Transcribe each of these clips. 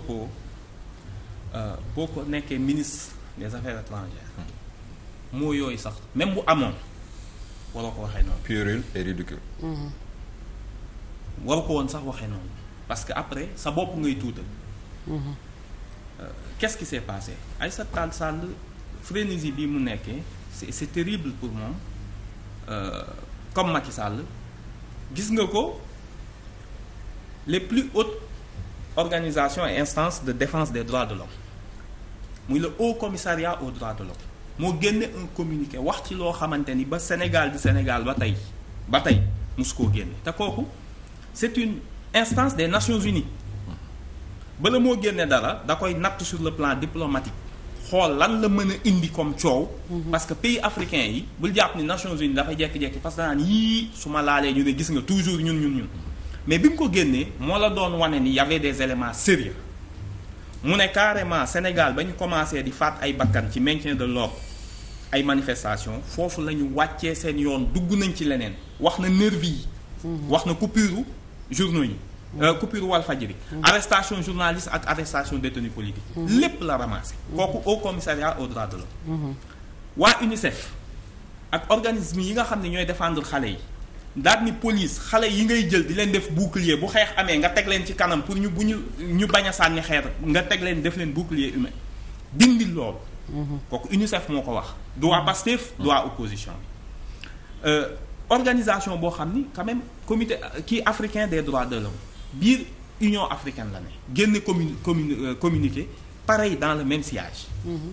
propos euh, boo ko nekkee ministre des affaires étrangères hmm. moo yooyu sax même bu amoon waroo ko waxee noonu. puéril et ridicule. Hmm. waru ko woon sax waxee noonu parce que après sa bopp ngay tuutal. Hmm. Euh, qu'est-ce qui s'est passé Aïssata Tall Sall frénésie bi mu nekkee c'est c'est terrible pour moom euh, comme Macky Sall gis nga ko les plus hautes organisation instance de défence des droits de l'homme muy le haut commissariat aux droits de l'homme moo génne un communiqué wax ci loo xamante ni ba Sénégal di Sénégal ba tey ba tey musu koo génne te kooku c'est une instance des Nations Unies bala moo génne dara da koy natt sur le plan diplomatique xool lan la mën a indi comme coow. Mhm. parce que pays africain yi bul jàpp ni Nations Unies dafay jekki-jekki parce que danaan yii su ma laalee ñu gis nga toujours ñun ñun mais bi mu ko génnee moo la doon wane ni y avait des éléments sérieux mu ne carrément Sénégal ba ñu commencé di faat ay bakkan ci maintien de l'ordre ay manifestation foofu la ñu wàccee seen yoon dugg nañ ci leneen wax na nervi yi mhm. wax na coupure journaux yi mhm. euh, coupure Walfadjri mhm. arrestation journaliste ak arrestation détenu politique lépp la ramassé kooku au commissariat aux droits de waa UNICEF ak organisme yi nga xam ne ñooy défendre xale yi daal ni police xale yi ngay jël di leen def bouclier bu xeex amee nga teg leen ci kanam pour ñu bu ñu bañ a sànni xeer nga teg leen def leen bouclier humain dindi loolu. Mhm. kooku UNICEF moo ko wax. du waa Pastef mhm. du waa opposition bi. Euh, organisation boo xam ni quand même kii africain des droits de l'homme biir union africaine la ne génn commun commun euh, communiqué pareil dans le même sillage. Mhm.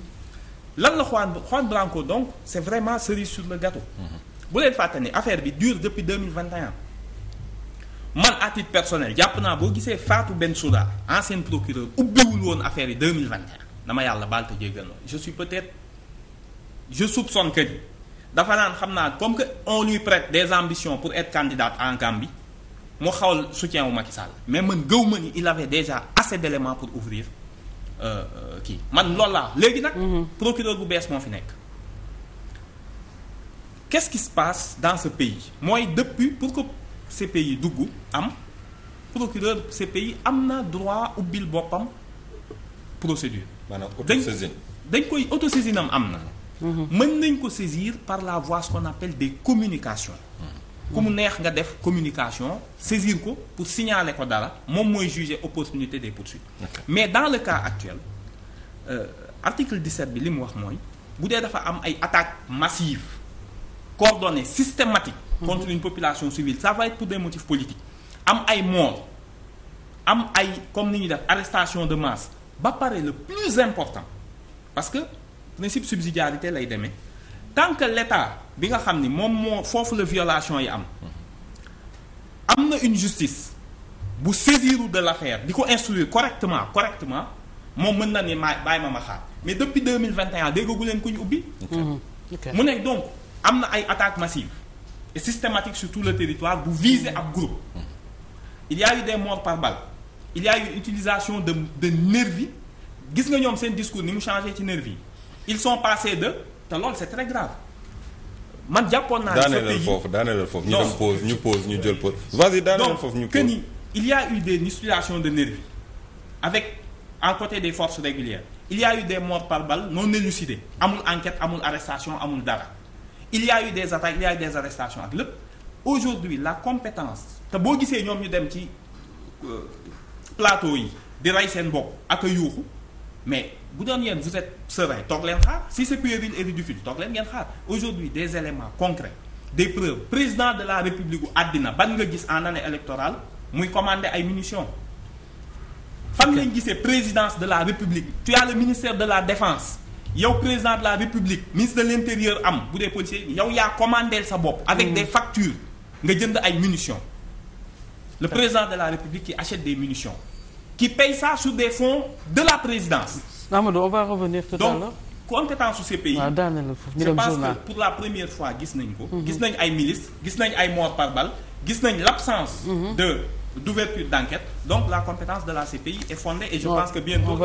lan la Juan Juan Branco donc c'est vraiment cerise sur le gâteau. bu leen fàtte ni affaire bi dure depuis deux mille vingt et man à titre personnel jàpp naa boo gisee faatu Fatou Bensouda ancien procureur ubbiwul woon affaire yi deux mille vingt et dama yàlla baal te jéggal je suis peut-être je soupçonne que ni dafa naan xam naa comme que on lui prête des ambitions pour être candidat en Gambie mu xawal soutien wu Macky Sall mais man gëw ma ni il avait déjà assez d'éléments pour ouvrir euh, euh, kii man loolu laa léegi nag. Mhm. procureur bu bees moo fi nekk. qu'est-ce qui se passe dans ce pays mooy depuis pour que CPI dugg am procureur CPI am na droit ubbil boppam procédure. maanaam autosaisine dañ koy autosaisine am am na. Mhm. mën nañ ko saisir par la voie ce qu'on de communication mhm. ku mu neex nga def communication saisir ko pour signaler ko dara moom mooy juger opportunité des poursuites mais dans le cas actuel euh, article 17 bi li mu wax mooy bu dee dafa am ay attaques massives coordonnée systématique mhm. contre une population civile ça va être pour des motifs politiques am ay morts am ay comme ni ñuy def arrestation de masse ba pare le plus important parce que principe subsidiarité lay demee tan que l'État bi nga xam ni moom moo foofu la violation yi am am na une justice bu saisiru de la l'affaire di ko instruire correctement correctement moom mun na ne maa bàyyi ma ma xaar mais depuis deux mille vingt et un déggagu leen ku ñu ubbi. mu nekk donc. am na ay attaques massives et systématiques sur tout le territoire bu viser ab groupe il y eu des morts par balle il y eu utilisation de de nervi gis nga ñoom seen discours ni mu changé ci nervi ils sont passés de te loolu c'est très grave man jàppoon naa. daaneel foofu daaneel foofu ñu dem pause ñu pause ñu jël pause. vas-y daaneel foofu ñu pause donc que ni il y a eu des situations de nervi avec à côté des forces régulières il y a eu des morts amul enquête amul arrestation amul dara. il y a des attaques il y a des arrestations ak lépp aujourd'hui la compétence te boo gisee ñoom ñu dem ci euh, plateau yi di rey seen bopp ak a yuuxu mais bu doon yéen vous êtes serein toog leen xaar si c'est puéril du ridicule toog leen ngeen xaar aujourd'hui des éléments concrets des preuves président de la république bu àddina ban nga gis en année électorale muy commander ay munitions fan lañ gisee présidence de la république tu as le ministère de la défense yow président de la république ministre de l' intérieur am bu dee policier yow yaa commandeel sa bopp. avec mm. des factures nga jënd ay munitions. le président de la république qui achète des munitions. qui paye ça sur des fonds de la présidence. Amadou on va revenir tout à compétence su ces pays. waaw ah, daanaka foofu je pense que pour la première fois gis nañ ko. Mm-hmm. gis nañ ay milices gis nañ ay morts par bal gis nañ l' mm-hmm. de d'ouverture d'enquête donc la compétence de la CPI est fondée et je pense que bientôt